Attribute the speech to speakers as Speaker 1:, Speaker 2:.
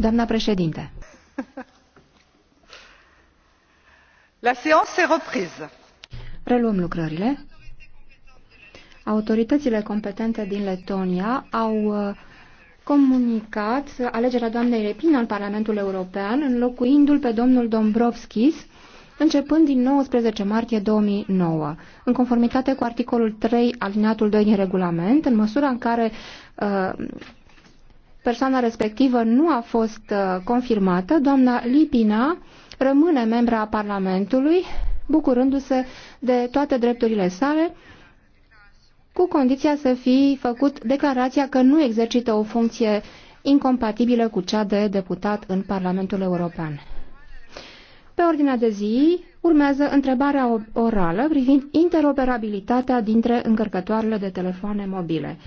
Speaker 1: Doamna președinte.
Speaker 2: La séance est reprise.
Speaker 1: Reluăm lucrările. Autoritățile competente din Letonia au uh, comunicat alegerea doamnei Repina în Parlamentul European, înlocuindu-l pe domnul Dombrovskis, începând din 19 martie 2009. În conformitate cu articolul 3 alineatul 2 din regulament, în măsura în care uh, persoana respectivă nu a fost uh, confirmată, doamna Lipina rămâne membra a Parlamentului, bucurându-se de toate drepturile sale, cu condiția să fi făcut declarația că nu exercită o funcție incompatibilă cu cea de deputat în Parlamentul European. Pe ordinea de zi urmează întrebarea orală privind interoperabilitatea dintre încărcătoarele
Speaker 3: de telefoane mobile.